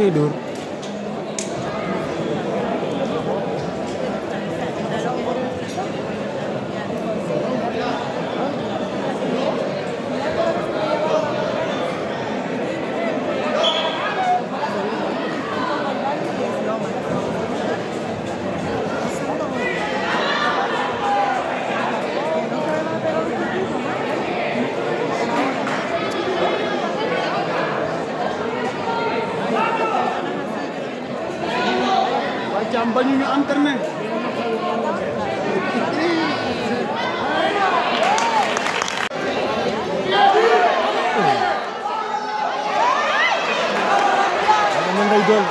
tidur jàmm ba ñu ñu entraîné ngay jël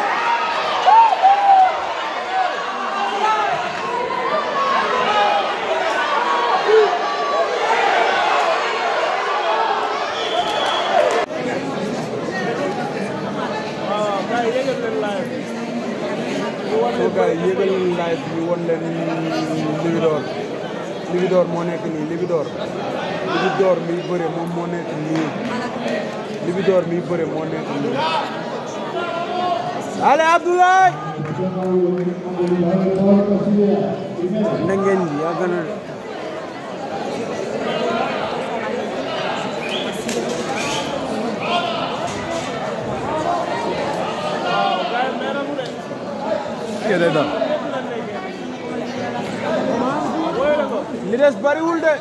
soo gars yi yéegal live bi won leen Libidor Libidor moo nekk nii Libidor Libidor miy bëre moom moo nekk nii Libidor miy bëre moo nekk nii ale Abdoulaye na ngeen ji yàgg yededa li des bariwul de